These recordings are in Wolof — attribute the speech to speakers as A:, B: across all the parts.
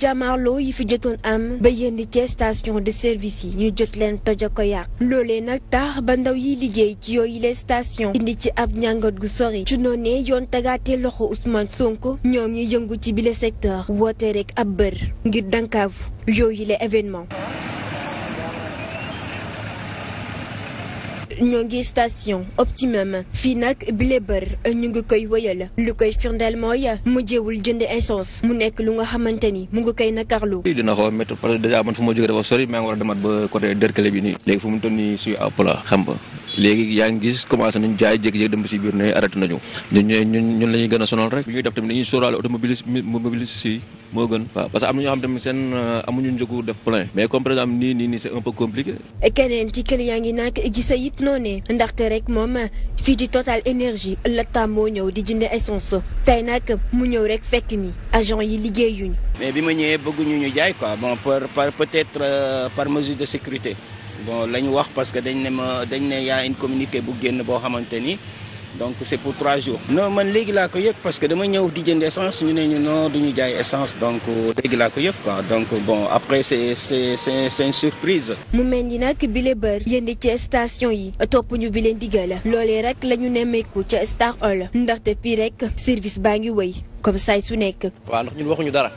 A: jàmmaarloo yi fi jotoon am ba yenn ci station de service yi ñu jot leen toj a ko yàq loolee nag tax ba ndaw yi liggéey ci yooyu les station indi ci ab njàngat gu sori ci noonee yoon tagaate loxo Ousmane Sonko ñoom ñi jëngu ci bile secteur woote rek ab bër ngir dankaafu yooyu les événement ñoo ngi station optimum fii nag bile bër ñu ngi koy wëyal lu koy firndeel mooy mujjewul jënd essence mu nekk lu nga xamante ni mu ngi koy nakarlu
B: dina xaw a métti parce que dèjà man fu ma jógee dafa sori maa ngi war a demaat ba côté der dërkale bi nii léegi fu mu toll nii suy àpp la xam nga léegi yaa ngi gis commencé nañ jaay jékki-jékki dem ba si biir ne arrêté nañu ñun ñun ñun la ñuy gën a sonal rek bu def tamit dañuy sóoraale automobiliste mobiliste si moo gën waaw parce que am na ñoo xam tamit seen euh, amuñu njëgu def plein mais comme par exemple nii nii nii c'est un peu compliqué
A: keneen ci client yi nag gisa it noonee ndaxte rek moom fii di Total Énergie la tàmmoo ñëw di jënd essence tey nag mu ñëw rek fekk ni agent yi liggéeyuñu
C: mais bi ma ñëwee bëgguñu ñu jaay quoi bon par par peut-être euh, par mesure de sécurité bon la ñu wax parce que dañ ne ma dañ ne yaa une communiqué bu génn boo xamante ni donc c'est pour trois jours. non man léegi laa ko yëg parce que dama ñëw di jënd essence ñu ne ñu non du ñu jaay essence donc léegi laa ko yëg quoi donc bon après c'est c'est c'est c'est une surprise.
A: mu mel ni nag bile bër yéen ci station yi topp ñu bi leen digal loolee rek la ñu nemmeeku ca Star Hall ndaxte fii rek service baa ngi wëy comme say su nekk.
D: waaw ndax ñun waxuñu dara.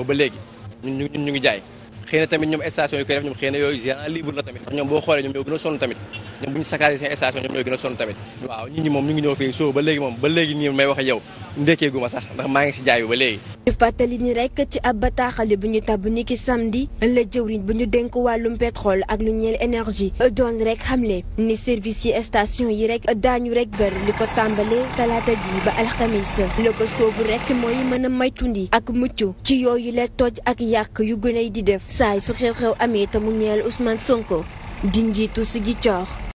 D: ba léegi ñun ñu ñu ngi jaay xëy na tamit ñoom station yu koy def ñoom xëy na yooyu gérant libre la tamit ñoom boo xoolee ñoom ñoo gën a sonn tamit ñoom bu ñu sakaari seen station ñoom ñoo gën a sonn tamit waaw nit ñi moom ñu ngi ñëw fii soo ba léegi moom ba léegi nii may wax yow ndékkee gu sax ndax maa ngi si jaay bi ba léegi
A: di fàttali ni rek ci ab bataaxale bu ñu tabb ni ki samedi la jëwriñ bu ñu dénk wàllum pétrole ak lu ñeel énergie doon rek xamle ni service yi station yi rek daañu rek gër li ko tàmbalee talaata ji ba alxamis la ko bu rek mooy mën a maytundi ak mucc ci yooyu la toj ak yàq yu gën a di def saay su xew-xew amee te mu ñeel Ousmane Sonko di njiitu si gi